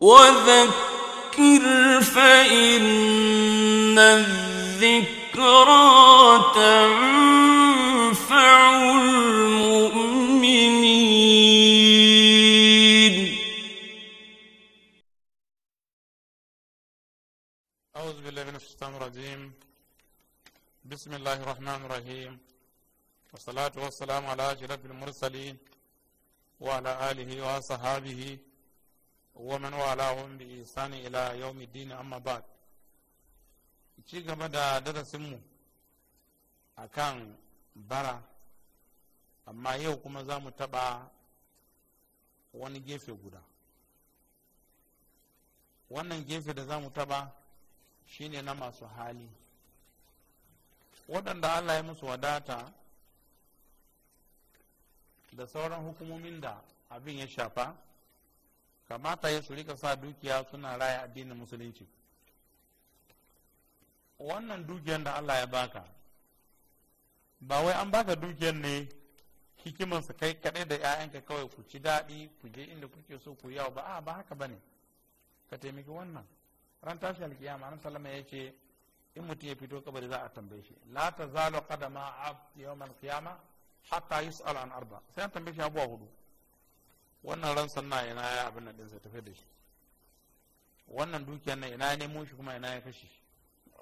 وذكر فإن الذكرى تنفع المؤمنين أعوذ بالله من الشيطان الرجيم بسم الله الرحمن الرحيم والصلاة والسلام على أشرف المرسلين وعلى آله وصحابه ومن والاهم بإحسان إلى يوم الدين أما بعد ci gaba da darasinmu a kan bara amma yau kuma za mu taɓa wani gefe guda wannan gefe da za mu taɓa shine na masu hali waɗanda allah ya musu wadata da sauran hukumomin da abin ya shafa kamata ya su rika sa dukiya suna raya addinin musulunci wannan dukiyar da allah ya baka ba wai an baka dukiyar ne hikimarsa kai kaɗai da 'ya'yanka kawai ku ci daɗi ku je inda kuke so ku yawo ba a ba haka ba ne ka taimaki wannan ran tashi alkiyama nan salama ya ce in mutum ya fito kabari za a tambaye shi la ta zalo qadama a yawon alkiyama hatta yus'al an arba sai an tambaye shi abuwa hudu wannan ransan na ina ya abin nan ɗinsa tafi da shi wannan dukiyar na ina ya nemo shi kuma ina ya kashe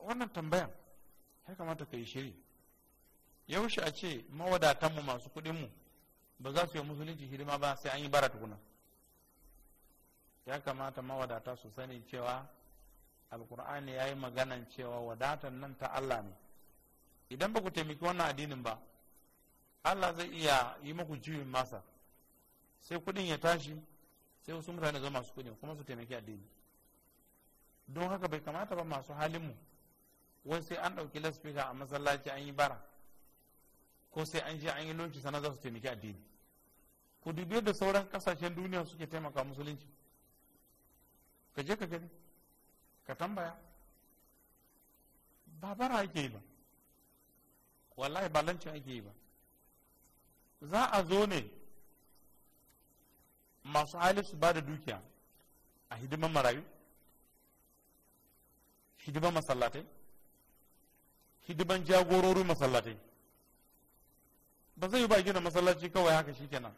wannan tambayan ya kamata ka yi shiri yaushe a ce mawadatanmu masu kuɗinmu ba za su yi musulunci hidima ba sai an yi bara tukuna ya kamata mawadata su sani cewa alkur'ani ya yi maganan cewa wadatan nan ta allah ne idan ba ku taimaki wannan addinin ba allah zai iya yi muku juyin masa sai kudin ya tashi sai wasu mutane zama masu kudin kuma su taimaki addini don haka bai kamata ba masu halin mu wai sai an ɗauki laspika a masallaci an yi bara ko sai an je an yi lonci sana za su taimaki addini ku dubi da sauran kasashen duniya suke taimaka musulunci ka je ka gani ka tambaya ba bara ake yi ba wallahi ba lancin ake yi ba za a zo ne masu hali su ba da dukiya a hidiman marayu hidiman masallatai hidiman jagororin masallatai ba zai yi ba gina masallaci kawai haka shi kenan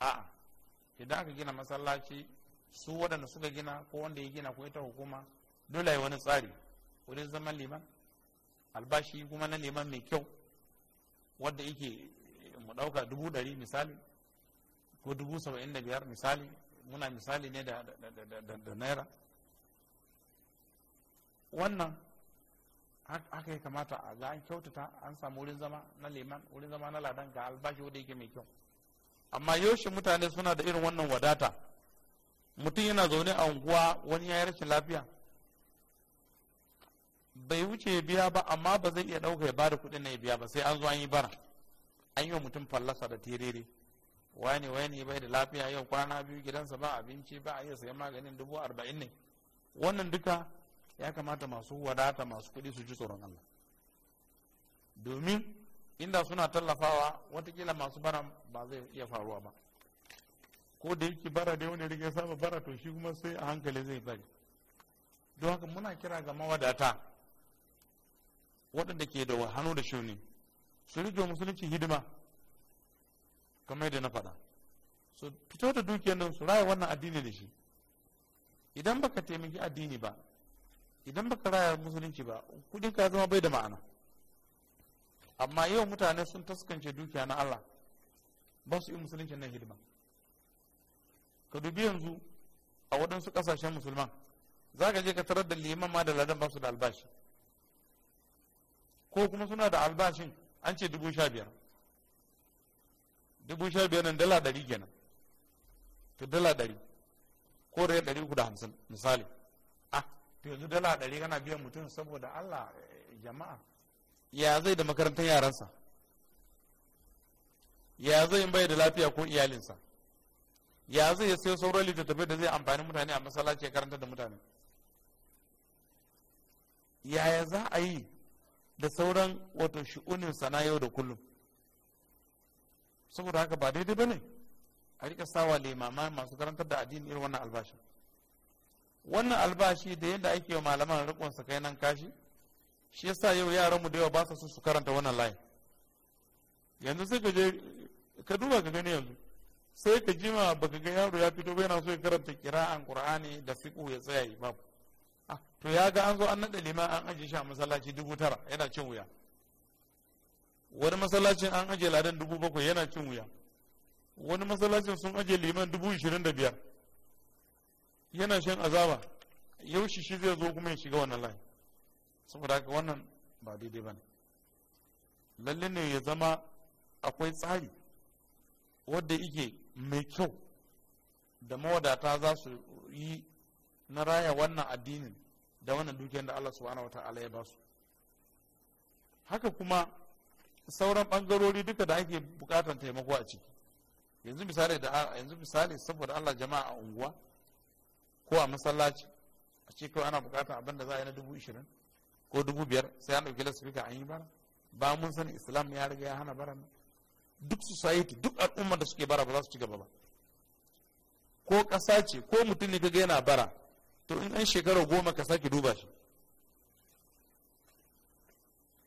a'a idan aka gina masallaci su waɗanda suka gina ko wanda ya gina ko ita hukuma dole ya wani tsari wurin zaman liman albashi kuma na liman mai kyau wadda yake mu ɗauka dubu ɗari misali ko dubu saba'in da biyar misali muna misali ne da naira wannan haka ya kamata a ga an kyautata an samu wurin zama na liman wurin zama na ladan ga albashi wanda yake mai kyau amma yaushe mutane suna da irin wannan wadata mutum yana zaune a unguwa wani ya yi rashin lafiya bai wuce ya biya ba amma ba zai iya ɗauka ya ba da kuɗin na ya biya ba sai an zo an yi bara an yi wa mutum fallasa da tirere wani wani bai da lafiya yau kwana biyu gidansa ba abinci ba a iya sayan maganin dubu arba'in ne wannan duka ya kamata masu wadata masu kuɗi su ji tsoron Allah domin inda suna tallafawa watakila masu bara ba zai iya faruwa ba ko da yake bara da wani rike saba bara to shi kuma sai a hankali zai bari don haka muna kira ga mawadata waɗanda ke da hannu da shuni su rike musulunci hidima kamar yadda na faɗa su fito da dukiyar nan su raya wannan addini da shi idan baka taimaki addini ba idan baka raya musulunci ba kudin ka zama bai da ma'ana amma yau mutane sun taskance dukiya na Allah ba su yi musulunci nan hidima ka dubi yanzu a waɗansu ƙasashen musulman za ka je ka tarar da liman ma da ladan ba su da albashi ko kuma suna da albashin an ce dubu sha biyar dubu sha biyar nan dala ɗari kenan to dala ɗari ko da ɗari uku da hamsin misali ah to yanzu dala ɗari kana biyan mutum saboda allah eh, jama'a ya zai da makarantar yaransa ya zai bai da lafiya ko iyalinsa ya zai ya sayo sauran littattafai da zai amfani mutane a masallaci ya karanta da mutane yaya za a yi da sauran wato shi'unin sana yau da kullum saboda haka ba daidai ba ne a rika sawa limama masu karantar da addini irin wannan albashin wannan albashi da yadda ake wa malaman rikon sa kai nan kashi shi yasa yau yaran mu da yawa ba su su karanta wannan layin yanzu sai ka je ka duba ka gani yanzu sai ka jima baka ga yaro ya fito bai na so ya karanta kira'an qur'ani da fiqh ya tsaya babu ah, to ya ga an zo an naɗa liman an ajiye shi a masallaci dubu tara yana cin wuya wani masallacin an ajiye ladan dubu bakwai yana cin wuya wani masallacin sun ajiye liman dubu ishirin da biyar yana shan azaba yau shi shi zai zo kuma ya shiga wannan layi saboda haka wannan ba daidai ba ne lalle ne ya zama akwai tsari wadda ike mai kyau da mawadata za su yi na raya wannan addinin da wannan dukiyar da Allah subhanahu wata'ala ya ba su haka kuma sauran bangarori duka da ake bukatan taimako a ciki yanzu misali da yanzu misali saboda Allah jama'a a unguwa ko a masallaci a ce kawai ana bukatan abin da za a yi na dubu ishirin ko dubu biyar sai an ɗauki lasifika an yi bara ba mun sani islam ya riga ya hana bara duk society duk al'ummar da suke bara ba za su ci gaba ba ko ƙasa ce ko mutum ne kaga yana bara to in an shekara goma ka sake duba shi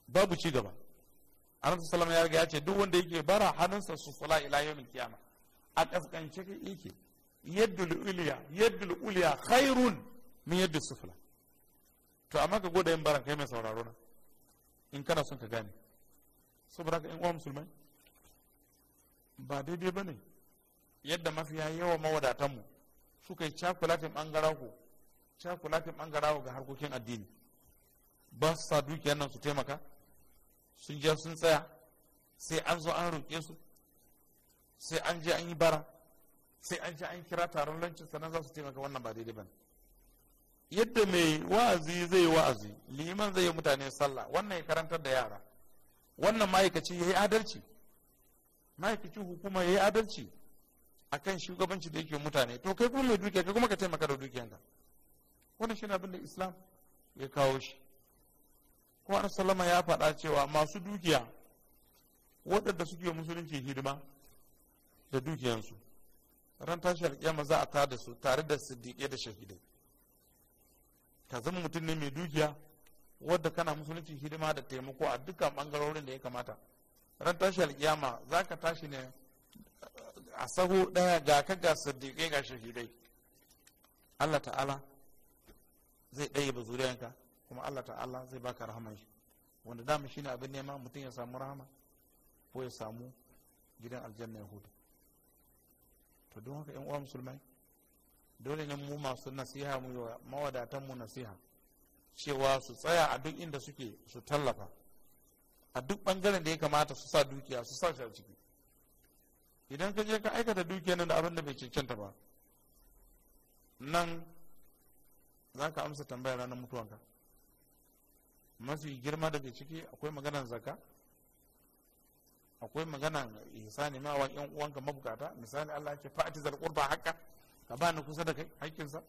babu ci gaba annabi sallallahu alaihi ya ce duk wanda yake bara hannunsa su sala ila yawmil qiyama a kaskance yake yaddul uliya yaddul uliya khairun min yaddul sufla to amma ka goda yin baran kai mai sauraro na in kana son ka gane saboda ka in uwa musulmai ba daidai bane yadda mafiya yawa mawadatanmu suka yi cakulatin bangara ku cakulatin bangara ga harkokin addini ba su sa kenan nan su taimaka sun je sun tsaya sai an zo an roƙe su sai an je an yi bara sai an je an kira taron lancin sannan za su taimaka wannan ba daidai ba yadda mai wa'azi zai yi wa'azi liman zai yi mutane sallah wannan ya karantar da yara wannan ma'aikaci ya yi adalci ma'aikacin hukuma ya yi adalci a kan shugabanci da yake mutane to kai kuma mai dukiya kai kuma ka taimaka da dukiyanka wannan shi abin da islam ya kawo shi kuma Salama ya faɗa cewa masu dukiya waɗanda suke musulunci hidima da dukiyansu ran tashi alƙiyama za a da su tare da siddiƙe da shahidai ka zama mutum ne mai dukiya wadda kana musulunci hidima da taimako a dukkan ɓangarorin da ya kamata ran tashi alƙiyama za ka tashi ne a saho ɗaya ga ka ga siddiƙe ga shahidai allah ta'ala zai ɗaya ba zuriyanka kuma Allah ta'ala zai baka rahaman shi wanda dama shine abin nema mutum ya samu rahama ko ya samu gidan aljanna ya huta to don haka yan uwa musulmai dole ne mu masu nasiha mu yi mawadatan mu nasiha cewa su tsaya a duk inda suke su tallafa a duk bangaren da ya kamata su sa dukiya su sa shi a ciki idan ka je ka aikata dukiyar nan da abin da bai cancanta ba nan za ka amsa tambaya ranar mutuwanka mafi girma daga ciki akwai maganan zaka akwai maganan isani ma wani yan uwanka mabukata misali Allah yake fa'ati zal qurba haka ka ba ni kusa da kai sa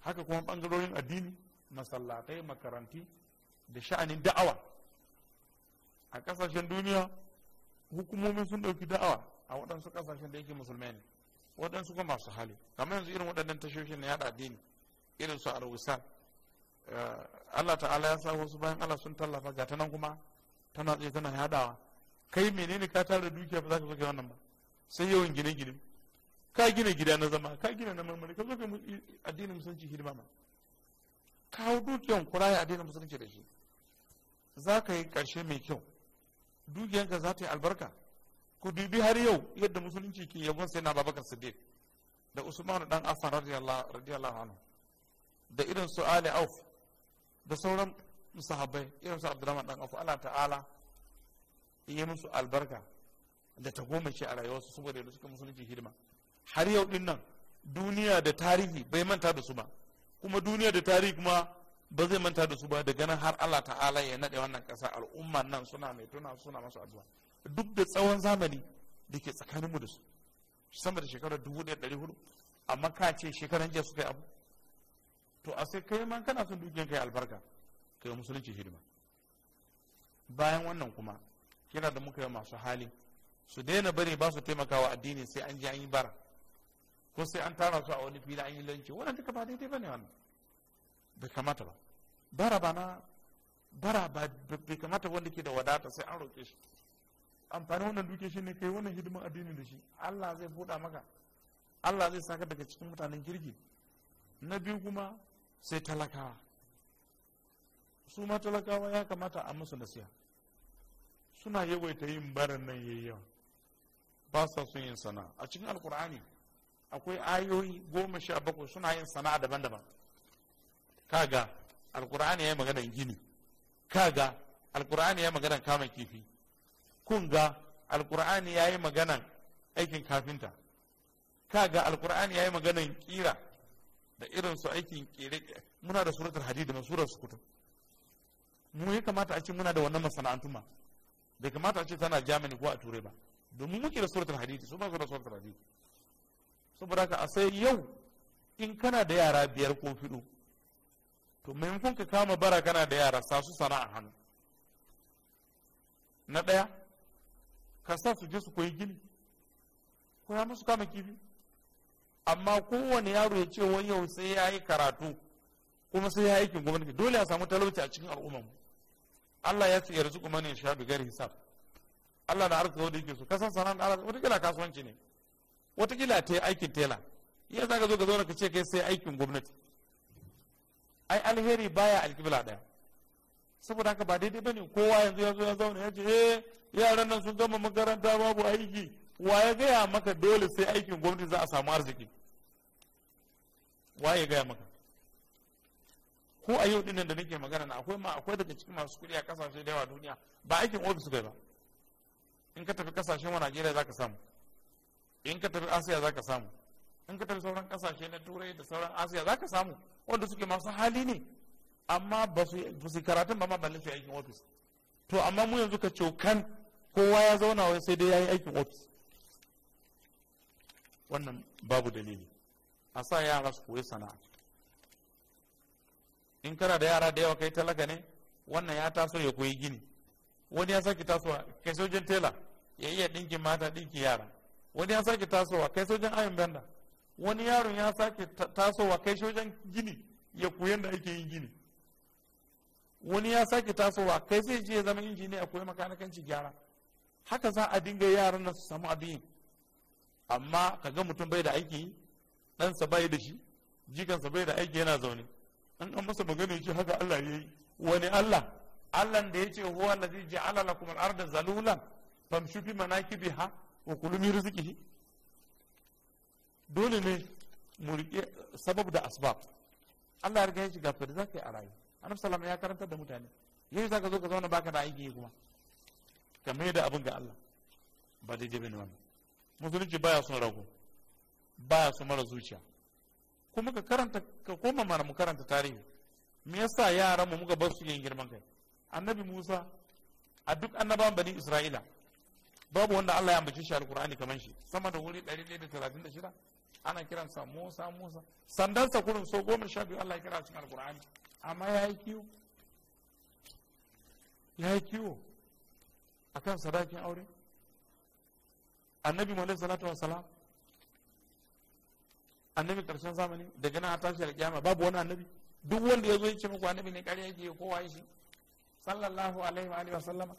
haka kuma bangarorin addini masallatai makaranti da sha'anin da'awa a ƙasashen duniya hukumomi sun ɗauki da'awa a waɗansu ƙasashen da yake musulmai ne waɗansu kuma masu hali kamar yanzu irin waɗannan tashoshin na yaɗa addini irin su a Eh, Allah ta'ala ya sa wasu bayan Allah sun tallafa ga ta nan kuma tana tsaye tana yadawa kai menene ka tara dukiya ba za ka zo wannan ba sai yawan gine gine ka gina gida na zama ka gina na marmari ka zo kai addinin musulunci hidima ma ka hau dukiyan ya addinin musulunci da shi za ka yi karshe mai kyau dukiyanka za ta yi albarka ku dubi har yau yadda musulunci ke yabon sai na babakar siddiq da usman dan affan radiyallahu anhu da irin su ali auf da sauran sahabbai irinsu su abdurrahman dan afu Allah ta'ala yi musu albarka da ta goma shi a rayuwarsu saboda yadda suka musulunci hidima har yau din nan duniya da tarihi bai manta da su ba kuma duniya da tarihi kuma ba zai manta da su ba da ganin har Allah ta'ala ya naɗe wannan ƙasa al'umma nan suna mai tuna suna masu addu'a duk da tsawon zamani da ke tsakaninmu da su sama da shekarar dubu ɗaya ɗari hudu amma ka ce shekaran jiya suka yi abu to a sai kai man kana son dukiyar kai albarka kai musulunci hidima bayan wannan kuma kira da muka yi masu hali su daina bari ba su taimakawa addini sai an je an yi bara ko sai an tara su a wani fili an yi lanci wannan duka ba daidai bane wannan bai kamata ba bara ba na bara ba bai kamata wanda ke da wadata sai an roƙe shi amfani wannan duke shi ne kai wannan hidimin addini da shi Allah zai buɗa maka Allah zai saka daga cikin mutanen kirki na biyu kuma sai talakawa su ma talakawa ya kamata a musu nasiya suna yawaita yin barin nan yayi yawa ba sa son yin sana'. a cikin alkur'ani akwai ayoyi goma sha bakwai suna yin sana'a daban-daban kaga alkur'ani ya yi maganar gini kaga alkur'ani ya yi maganar kama kifi kunga alkur'ani ya yi maganan aikin kafinta kaga alkur'ani ya yi maganan kira da irin su aikin kere muna da suratul hadid da surar sukutu mu ya kamata a ce muna da wannan masana'antu ma bai kamata a ce tana germany ko a turai ba domin muke da suratul hadid su ba su da suratul hadid saboda haka a sai yau in kana da yara biyar ko fiɗo to maimakon ka kama bara kana da yara sa su sana'a hannu na ɗaya ka sa su je su koyi gini koya musu kama kifi amma kowane yaro ya ce wani yau sai ya yi karatu kuma sai ya yi aikin gwamnati dole a samu talauci a cikin al'ummar mu Allah ya ce yarzu kuma ne bi ghairi hisab Allah na arziki wanda yake so kasan sanan da Allah wata kila kasuwanci ne wata kila ta yi aikin tela iya zaka zo ka zo ka ce kai sai aikin gwamnati ai alheri baya alkibla daya saboda haka ba daidai bane kowa yanzu ya zo ya zauna ya ce eh yaran nan sun gama makaranta babu aiki wa ya gaya maka dole sai aikin gwamnati za a samu arziki wa ya gaya maka ko a yau dinnan da nake magana na akwai ma akwai daga cikin masu kuɗi a kasashe da yawa duniya ba aikin ofis kai ba in ka tafi kasashen wa Najeriya ka samu in ka tafi Asiya za ka samu in ka tafi sauran kasashe na Turai da sauran Asiya za ka samu wanda suke masu hali ne amma ba su karatun ba ma ba su aikin ofis to amma mu yanzu ka cokan kowa ya zauna wai sai dai ya yi aikin ofis wannan babu dalili a sa yara su koyi sana'a in kana da yara da yawa kai talaka ne wannan ya taso ya koyi gini wani ya sake tasowa kai sojan tela ya iya ɗinkin mata ɗinkin yara wani ya sake tasowa kai sojan ayon benda wani yaron ya sake tasowa kai sojan gini ya koyi yadda ake yin gini wani ya sake tasowa kai sai je ya zama injiniya koyi makanikanci gyara haka za a dinga yaran nan su samu abin amma ka ga mutum bai da aiki ɗansa bai da shi jikansa bai da aiki yana zaune an an masa magana ce haka Allah ya yi wani Allah Allah da ya ce huwa allazi ja'ala lakum al-arda mana famshu fi manakibiha wa kulu min rizqihi dole ne mu rike sabab da asbab Allah ya riga ya ga fari zaka yi a rayu annabi sallallahu ya karanta da mutane yau zaka zo ka zauna baka da aiki kuma ka mai da abin ga Allah ba daidai jibin wannan musulunci baya son rago baya son mara zuciya kuma ka karanta ka koma mana mu karanta tarihi me yasa yaran mu muka bar su yin girman kai annabi Musa a duk annabawan bani Isra'ila babu wanda Allah ya ambace shi alkur'ani kamar shi sama da wuri 136 ana kiransa Musa Musa sandansa kurin so goma sha biyu Allah ya kira cikin alkur'ani amma ya yi kiwo ya yi kiwo akan sadakin aure annabi mu salatu wa salam annabi karshen zamani daga nan a tashi kiyama babu wani annabi duk wanda ya zo ya ce muku annabi ne kare yake kowa shi sallallahu alaihi wa wa sallama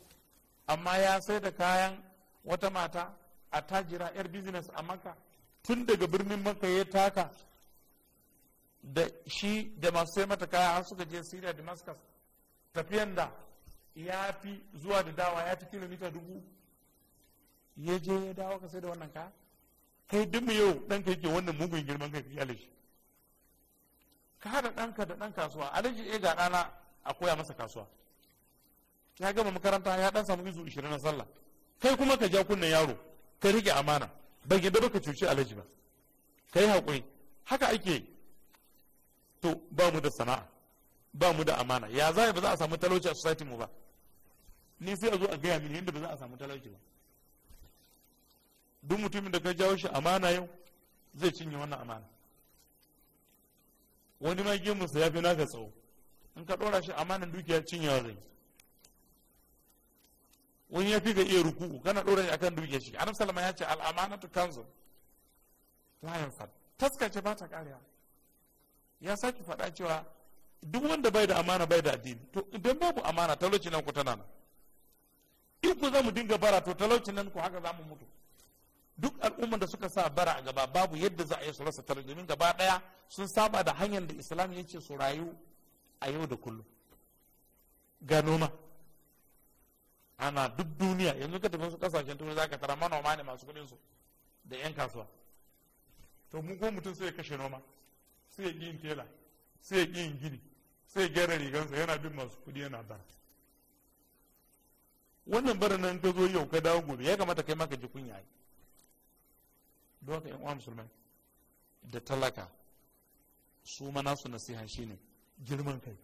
amma ya sai da kayan wata mata a tajira yar business a makka tun daga birnin makka ya taka da shi da masu sai mata kaya har suka je syria damascus tafiyan da ya fi zuwa da dawa ya fi kilomita dubu ya je ya dawo ka sai da wannan ka kai duk mu yau ɗanka yake wannan mugun girman kai ka shi ka haɗa ɗanka da ɗan kasuwa alaji eh ga ɗana a koya masa kasuwa ya gama makaranta ya ɗan samu izu 20 na sallah kai kuma ka ja kunnen yaro ka rike amana ban gida ba ka cuci alaji ba ka yi haƙuri haka ake to ba mu da sana'a ba mu da amana ya za ba za a samu talauci a society mu ba ni sai a zo a gaya mini yadda ba za a samu talauci ba duk mutumin da ka jawo shi amana yau zai cinye wannan amana wani ma gemunsa ya fi naka tsawo in ka ɗora shi amanan dukiya cinyewa zai wani ya fi ga iya ruku kana ɗora shi akan dukiya shi annabi salama ya ce tu kanzo la Taska taskace ba ta kariya ya sake faɗa cewa duk wanda bai da amana bai da addini to idan babu amana talauci nan ku tana nan in ku za mu dinga bara to talauci nan ku haka za mu mutu duk al'ummar da suka sa bara a gaba babu yadda za a yi su rasa tare domin gaba daya sun saba da hanyar da islam ya ce su rayu a yau da kullum ga noma ana duk duniya yanzu ka tafi su kasashen tuni za ka tara manoma ne masu kudin su da yan kasuwa to mu ko mutum sai ya kashe noma sai ya yin tela sai ya yin gini sai ya gyara rigansa yana bin masu kudi yana bara wannan bara nan ka zo yau ka dawo gobe ya kamata kai maka jikun yayi don haka yan uwa musulmai da talaka su ma nasu nasiha shine girman kai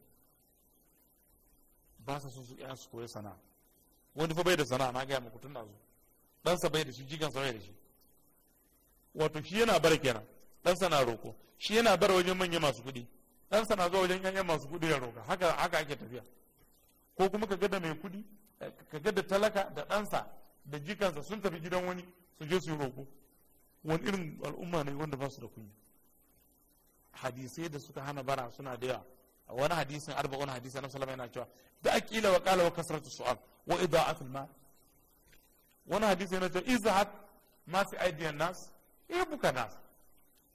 ba sa son su iya su koyi sana'a wani fa bai da sana'a na gaya muku tun da su ɗansa bai da shi jikansa bai da shi wato shi yana bar kenan ɗansa na roko shi yana bar wajen manya masu kuɗi ɗansa na zuwa wajen yanyan masu kuɗi ya roka haka haka ake tafiya ko kuma ka ga da mai kuɗi eh, ka ga da talaka da ɗansa da jikansa sun tafi gidan wani su je su yi roko wani irin al'umma ne wanda ba su da kunya hadisai da suka hana bara suna da yawa wani hadisin wani hadisi na salama yana cewa da aqila wa kala wa kasratu su'al wa ida'at al-mal wani hadisi yana cewa izahat ma fi aidiyan nas eh, buka nas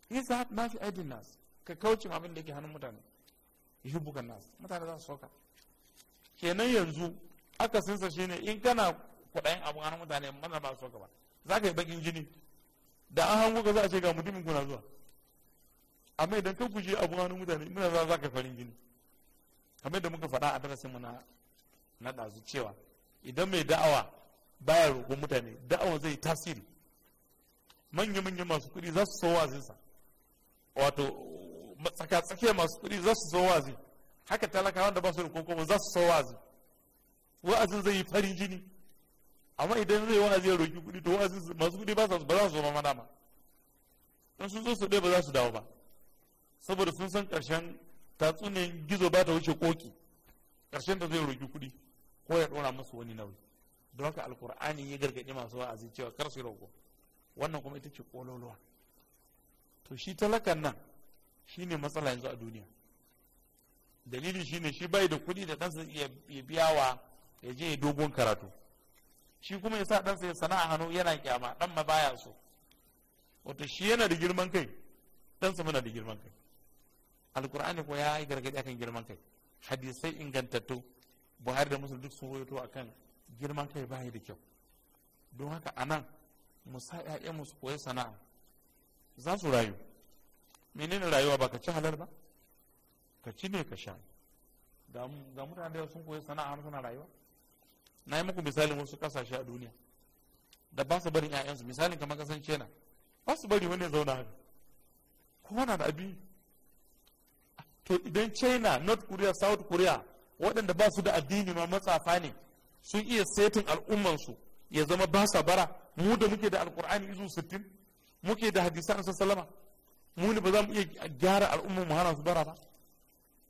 izahat ma fi aidiyan nas ka kauce ma abin da yake hannun mutane buka nas mutane za su soka kenan yanzu aka sinsa shine in kana kudayen abu hannun mutane mana ba su soka ba za ka yi bakin jini da an hango ka za a ce ga mutumin kuna zuwa amma idan ka guje abu hannun mutane muna za za ka farin gini kamar da muka faɗa a darasin mu na na ɗazu cewa idan mai da'awa baya roƙon mutane da'awa zai tasiri manya-manya masu kuɗi za su so wazinsa wato tsaka-tsakiya masu kuɗi za su so wazi haka talakawa da ba su roƙon kuma za su so wazi wa'azin zai yi farin jini amma idan zai wa'azi ya roki kuɗi to wa'azi masu kuɗi ba za su zama mana ba in sun zo su dai ba za su dawo ba saboda sun san ƙarshen tatsuniyar gizo ba ta wuce koki ƙarshen ta zai roki kuɗi ko ya dora musu wani nauyi don haka alkur'ani ya gargaɗi masu wa'azi cewa kar su roko wannan kuma ita ce ƙololuwa to shi talakan nan shine matsala yanzu a duniya dalili shine shi bai da kuɗi da kansa ya biya wa ya je ya dogon karatu shi kuma ya sa ɗansa ya sana'a hannu yana kyama ɗan ma baya so wato shi yana da girman kai ɗansa muna da girman kai alkur'ani ko ya yi gargaɗi akan girman kai hadisai ingantattu buhari da musulun duk sun wayoto kan girman kai bayi da kyau don haka a nan mu sa ƴaƴanmu su koyi sana'a za su rayu menene rayuwa ba ka ci halar ba ka ci ne ka sha ga mutane da sun koyi sana'a har suna rayuwa na yi muku misalin wasu kasashe a duniya da ba su barin 'ya'yansu misalin kamar kasan china ba su bari wani zauna haka ko na da abin to idan china north korea south korea waɗanda ba su da addini ma matsafa ne sun iya setin al'ummansu ya zama ba sa bara mu da muke da alkur'ani izu sittin muke da hadisan sa salama mu ne ba za mu iya gyara al'ummar mu hana su bara ba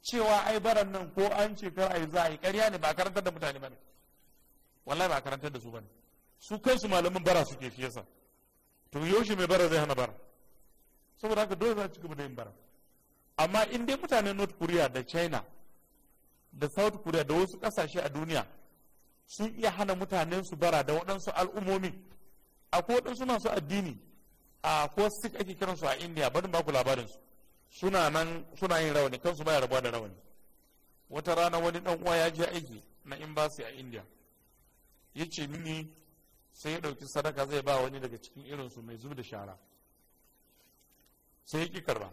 cewa ai baran nan ko an ce kar ai za a yi ƙarya ne ba karantar da mutane ba ne wallahi ba a karantar da su bane su kansu malamin bara suke shi yasa to yaushe mai bara zai hana bara saboda haka dole za a cigaba da yin bara amma in dai mutanen north korea da china da south korea da wasu kasashe a duniya sun iya hana mutanen su bara da waɗansu al'ummomi akwai waɗansu masu addini a ko sikh ake su a india ba ku labarin su suna nan suna yin rawani kansu baya rabuwa da rawani wata rana wani dan uwa ya je aiki na embassy a india ya ce mini sai ya ɗauki sadaka zai ba wani daga cikin irinsu mai zub da shara sai ya ƙi karba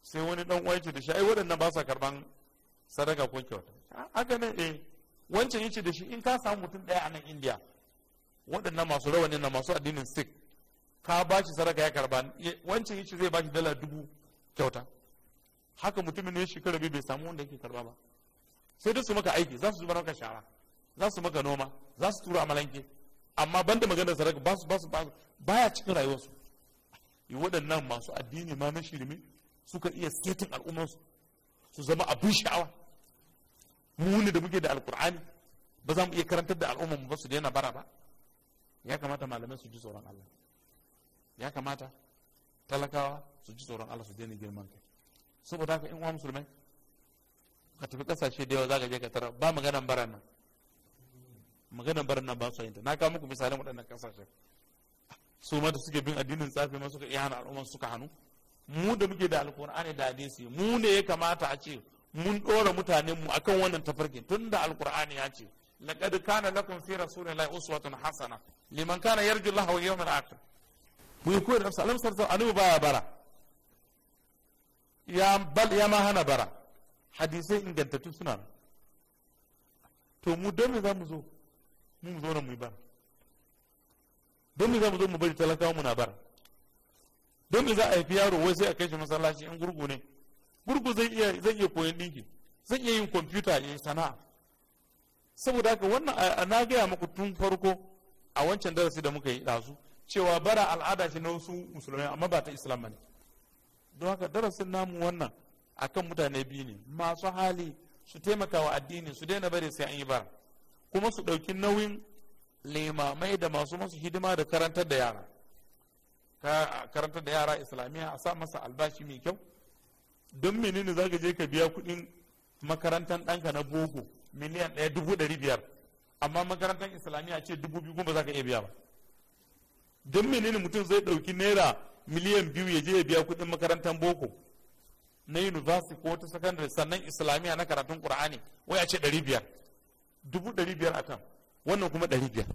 sai wani ɗan uwa da shi ai waɗannan ba sa karban sadaka ko kyauta ah, haka nan eh wancan yace da shi in ka samu mutum ɗaya a nan indiya waɗannan masu rawani na masu addinin sikh ka ba shi sadaka ya karba wancan yace zai ba shi dala dubu kyauta haka mutumin ne shekara biyu bai samu wanda yake karba ba sai duk su maka aiki za su zubar maka shara za su maka noma za su tura amalanke amma banda maganar sadaka ba su ba su ba su baya cikin rayuwarsu waɗannan masu addini ma na shirme suka iya sketin al'ummarsu su zama abin sha'awa mu ne da muke da alkur'ani ba za mu iya karantar da al'ummar ba su daina bara ba ya kamata malamai su ji tsoron Allah ya kamata talakawa su ji tsoron Allah su daina girman kai saboda haka in wa musulmai ka tafi kasashe da yawa za ka je ka tara ba maganan bara nan magana barin na ba su fahimta na kawo muku misalin waɗannan ƙasashen su ma da suke bin addinin tsafi ma suka iya hana al'umma suka hannu mu da muke da alkur'ani da hadisi mu ne ya kamata a ce mun ɗora mutanen mu akan wannan tafarkin tun da alkur'ani ya ce laqad kana lakum fi rasulillahi uswatun hasana liman kana yarju Allah wal yawmal akhir mu yi koyar da sallam sarsa annabi baya bara ya bal ya ma hana bara hadisai ingantattu suna to mu don me za mu zo mu zo na mu yi don me za mu zo mu bari talakawa muna bar don me za a haifi yaro wai sai a kai shi masallaci in gurgu ne gurgu zai iya zai iya koyon dinki zai iya yin kwamfuta ya sana'a saboda haka wannan na gaya muku tun farko a wancan darasi da muka yi ɗazu cewa bara al'ada shi na wasu musulmai amma ba ta islam bane don haka darasin namu wannan akan mutane biyu ne masu hali su taimaka wa addini su daina bari sai an yi bara kuma su ɗauki nauyin limamai da masu masu hidima da karantar da yara karantar da yara islamiyya a sa masa albashi mai kyau don menene za ka je ka biya kuɗin makarantar ɗanka na boko miliyan ɗaya dubu ɗari biyar amma makarantar islamiyya ce dubu biyu kuma za ka iya biya ba don menene mutum zai ɗauki naira miliyan biyu ya je ya biya kuɗin makarantar boko na university ko wata secondary sannan islamiyya na karatun ƙur'ani wai a ce ɗari biyar dubu ɗari biyar a kan wannan kuma ɗari biyar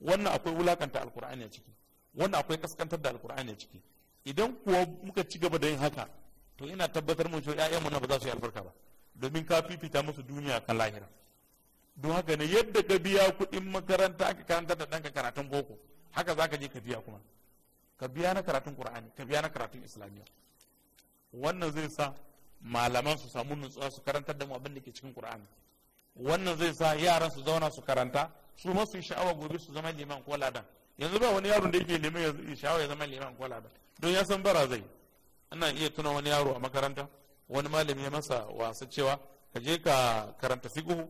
wannan akwai wulakanta alkur'ani a ciki wannan akwai kaskantar da alkur'ani a ciki idan kuwa muka ci gaba da yin haka to ina tabbatar mun cewa ƴaƴanmu na ba za su yi albarka ba domin ka fifita musu duniya kan lahira don haka ne yadda ka biya kuɗin makaranta ka karanta da ɗanka karatun boko haka za ka je ka biya kuma ka biya na karatun qur'ani ka biya na karatun islamiyya wannan zai sa malaman su samu nutsuwa su karantar da mu abin da ke cikin qur'ani wannan zai sa yaran su zauna su karanta su ma su sha'awa gobe su zama liman ko ladan yanzu ba wani yaron da yake neman ya sha'awa ya zama liman ko ladan don ya san bara zai ana iya tuna wani yaro a makaranta wani malami ya masa wasa cewa ka je ka karanta fiqh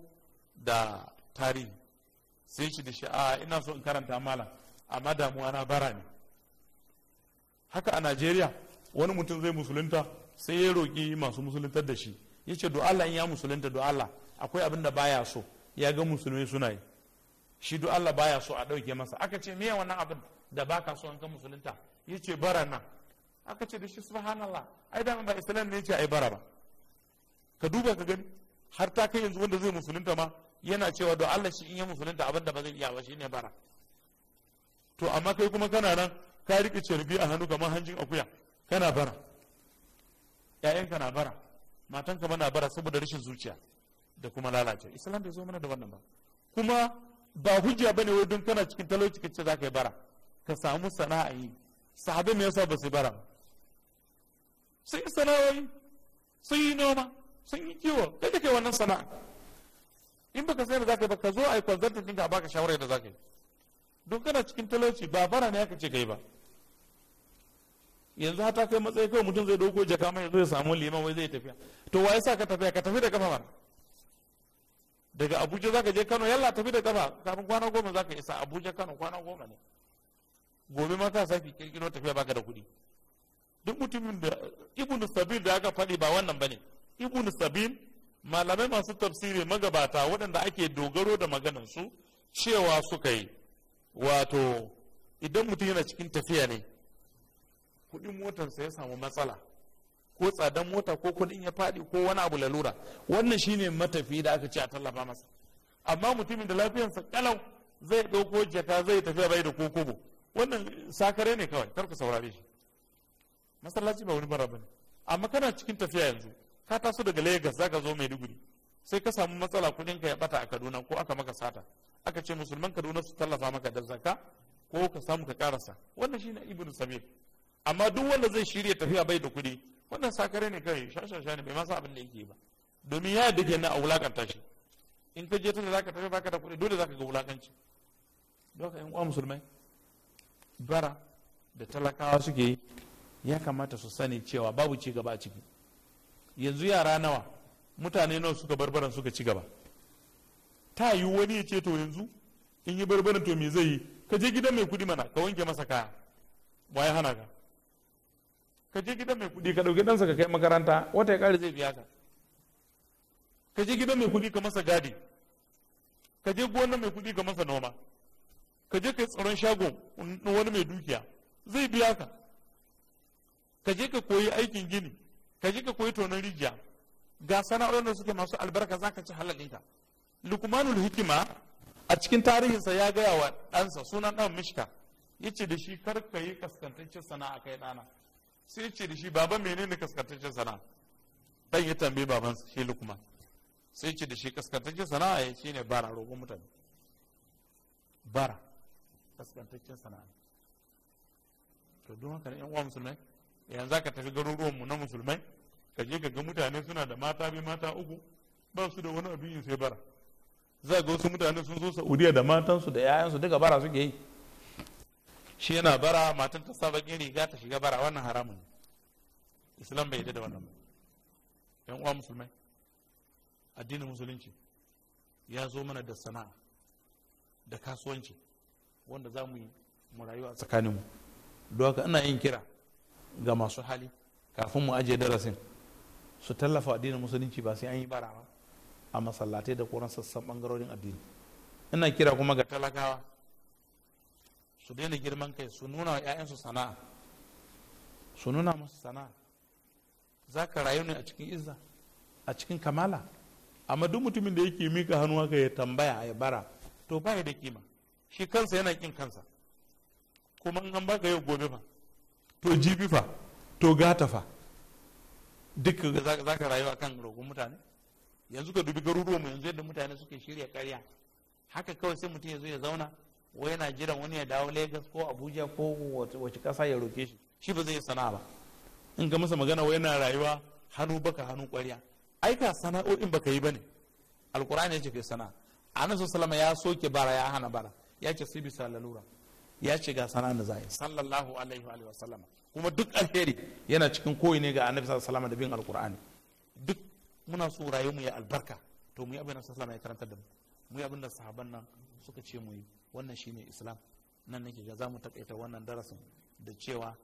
da tarihi sai shi da sha'a ina so in karanta malam amma damuwa na bara ne haka a Najeriya wani mutum zai musulunta sai ya roki masu musuluntar da shi ya ce do Allah in ya musulunta do Allah akwai abin da baya so ya ga musulmi suna yi shi duk Allah baya so a ɗauke masa aka ce me wannan abin da baka so an ga musulunta yace bara nan aka ce da shi subhanallah ai da ba islam ne yace ai bara ba ka duba ka gani har ta kai yanzu wanda zai musulunta ma yana cewa don Allah shi in ya musulunta abin da ba zai iya ba shi ne bara to amma kai kuma kana nan ka rike cerbi a hannu kamar hanjin akuya kana bara ƴaƴanka na bara matanka ma na bara saboda rashin zuciya da kuma lalace islam bai zo mana da wannan ba kuma ba hujja bane wai don kana cikin talauci kace za ka yi bara ka samu sana'a yi sahabai me yasa ba su bara sai sun yi sana'o'i sun yi noma sun yi kiwo kai da kai wannan sana'a in baka sai da za ka yi ba ka zo a yi kwanzantar ɗinka a baka shawarar da za ka yi don kana cikin talauci ba bara ne aka ce kai ba yanzu hata kai matsayi kawai mutum zai dauko jaka mai zai samu liman wai zai tafiya to wa yasa ka tafiya ka tafi da kafa mara daga abuja zaka je kano yalla tafi da kaba kafin kwana goma zaka isa abuja kano kwana goma ne gobe ma ka saki kirkiro tafiya baka da kuɗi duk mutumin da ibnu sabil da aka faɗi ba wannan bane ibnu sabil malamai masu tafsiri magabata waɗanda ake dogaro da maganar su cewa suka yi wato idan mutum yana cikin tafiya ne kuɗin motarsa ya samu matsala ko tsadan mota ko kudin ya faɗi ko wani abu lalura wannan shine matafi da aka ce a tallafa masa amma mutumin da lafiyarsa kalau zai ɗauko jaka zai tafi bai da kokobo wannan sakare ne kawai kar ku saurare shi masallaci ba wani barabani amma kana cikin tafiya yanzu ka taso daga Lagos zaka zo Maiduguri sai ka samu matsala kudin ka ya bata a Kaduna ko aka maka sata aka ce musulman Kaduna su tallafa maka da zakka ko ka samu ka karasa wannan shine ibnu sabil amma duk wanda zai shirya tafiya bai da kudi wannan sakare ne kai shashasha ne bai masa abin da yake ba domin ya yadda na a wulakanta shi in ka je tunda zaka tafi baka da kuɗi dole zaka ga wulakanci don ka yan uwa musulmai bara da talakawa suke yi ya kamata su sani cewa babu ci gaba a ciki yanzu yara nawa mutane nawa suka barbaran suka ci gaba ta yi wani ya ce to yanzu in yi barbaran to me zai yi ka je gidan mai kuɗi mana ka wanke masa kaya Wa ya hana ka ka je gidan mai kuɗi ka dauki ɗansa ka kai makaranta wata ya kare zai biya ka ka je gidan mai kuɗi ka masa gadi ka je gona mai kuɗi ka masa noma ka je kai tsaron shagon wani mai dukiya zai biya ka ka je ka koyi aikin gini ka je ka koyi tonon rijiya ga sana'o'in da suke masu albarka za ka ci halalinka lukmanul hikima a cikin tarihinsa ya gaya wa ɗansa sunan ɗan mishka ya ce da shi kar ka yi kaskantaccen sana'a kai ɗana sai ce da shi baba menene kaskantaccen sana'a dan ya tambayi baban shi lukuma sai ce da shi kaskantaccen sana'a ya eh, ne bara roƙon mutane bara kaskantaccen sana'a to don haka yan uwa musulmai yanzu ka tafi garuruwan mu na musulmai ka je ka ga mutane suna da mata bi mata uku ba su da wani abin sai bara za ga wasu mutane sun zo saudiya da matansu da 'ya'yansu duka bara suke yi shi yana bara matan ta sa bakin riga ta shiga bara wannan haramun ne islam bai yi da wannan ba yan uwa musulmai addinin musulunci ya zo mana da sana'a da kasuwanci wanda za mu yi mu rayuwa tsakaninmu don haka ina yin kira ga masu hali kafin mu ajiye darasin su tallafa addinin musulunci ba sai an yi bara ba a masallatai da koran sassan bangarorin addini ina kira kuma ga talakawa su daina girman kai su nuna wa 'ya'yansu sana'a su nuna musu sana'a za ka rayu ne a cikin izza a cikin kamala amma duk mutumin da yake mika hannuwa ka ya tambaya ya bara to ya da kima shi kansa yana kin kansa kuma an an baka yau gobe fa to jibi fa to gata fa duk za ka rayu akan roƙon mutane yanzu ka dubi mu yanzu yadda mutane suke shirya karya haka kawai sai mutum ya zo ya zauna wai yana jiran wani ya dawo lagos ko abuja ko wace kasa ya roke shi shi ba zai yi sana'a ba in ga masa magana wai yana rayuwa hannu baka hannu ai aika sana'o'in baka yi bane alkur'ani ya ce kai sana'a annabi Salama ya soke bara ya hana bara ya ce sai bisa lalura ya ce ga sana'a da zai sallallahu alaihi wa sallama kuma duk alheri yana cikin koyi ne ga annabi sallallahu da bin alkur'ani duk muna so rayuwa mu ya albarka to mu yi abin da sallallahu ya karanta da mu mu yi abin da sahaban nan suka ce mu yi wannan shine islam nan nake ga zamu takaita wannan darasin da cewa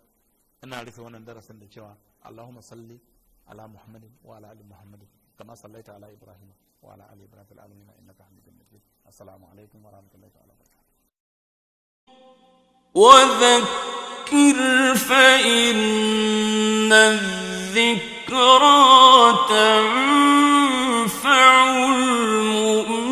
ina rufe wannan darasin da cewa allahumma salli ala muhammadin wa ala ali muhammadin kama sallaita ala ibrahim wa ala ali ibrahim fil alamin innaka hamidum majid assalamu alaikum wa rahmatullahi wa barakatuh وذكر فإن الذكرى تنفع المؤمنين